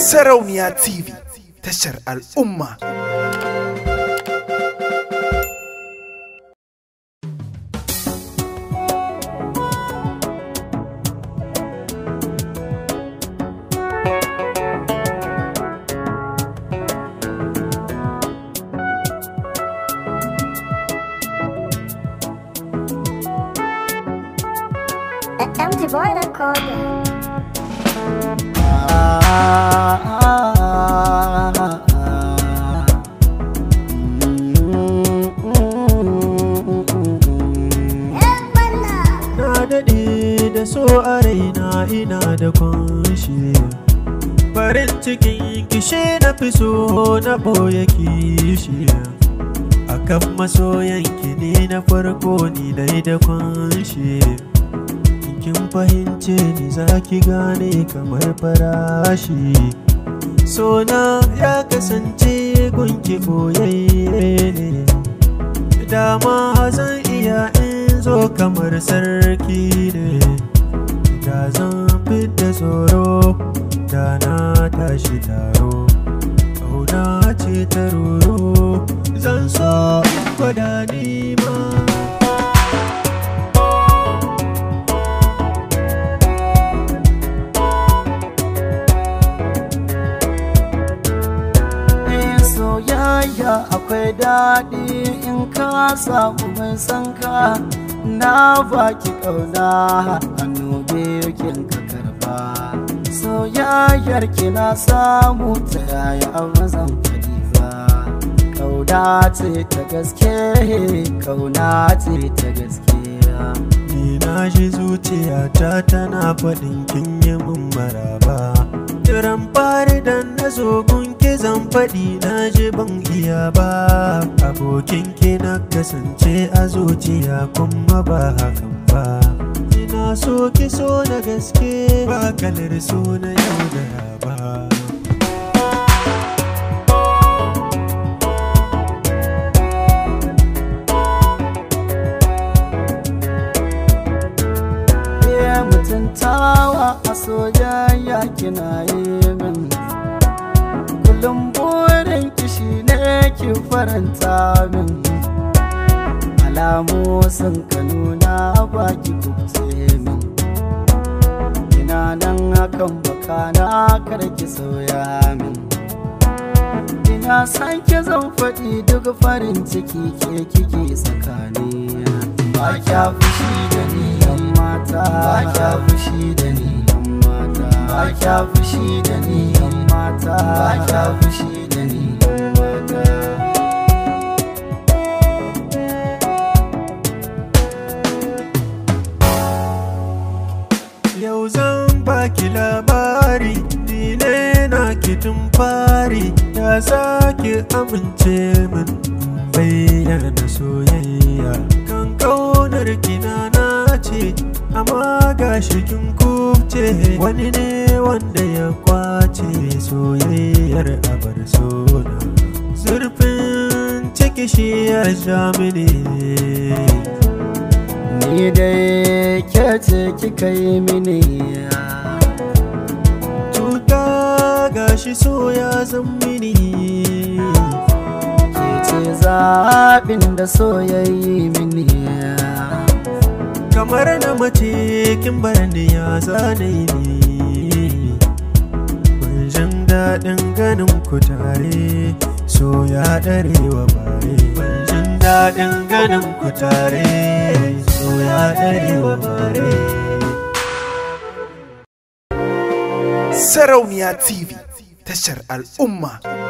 Sarauniya TV tashar al'umma. MG Boy Recorder. Ah. Na daɗi da so a raina ina da kunshi farin cikin kishe na fi so na ɓoye kishi akan masoyan ki ne na farko ni dai da kunshi kin fahimce ni za ki gane kamar farashi sona ya kasance gunki boyayye ne dama zan iya in zo kamar sarki ne da zan fidda tsoro da na tashi taro ƙauna ce ta roro zan so gwada nima soyayya akwai daɗi in ka samu mai sanka na baki ƙauna annobe yakin ka karba soyayyar ki na samu ta yaya zan mazan ba ƙauna ce ta gaske ƙauna ce ta gaske ni na shi zuciyata tana faɗin kin yi mun maraba Jiran fari dan na zogon ki zan faɗi na ji ban iya ba Abokin ki na kasance a zuciya kuma ba hakan ba Ina so ki so na gaske ba kalar so na yaudara a soyayya kina yi min kullum burin kishi ne ki faranta min alamu sun baki ba ki kubce min ina nan akan bakana kar ki sauya min ina san ki zan faɗi duk farin ciki ke kike tsakani ba kya fushi da ni mata ba kya fushi da ni ba kya fushi da ni mata kya fushi da ni yau zan baki labari ni ne na kitin fari ya zaki amince min bayyana soyayya kan kaunar kinana ce amma ga shikin kubce wani ne wanda ya kwace soyayyar abar sona zurfin ciki shi ya sha mini ni dai kyace kika yi mini cuta ga shi so ya zan mini ke ce zaɓin da so ya yi mini kamar na mace kin bar ya zane ni kun jin daɗin ganin ku tare so ya dare wa bare kun jin daɗin ganin ku tare so ya dare wa bare Sarauniya TV tashar al'umma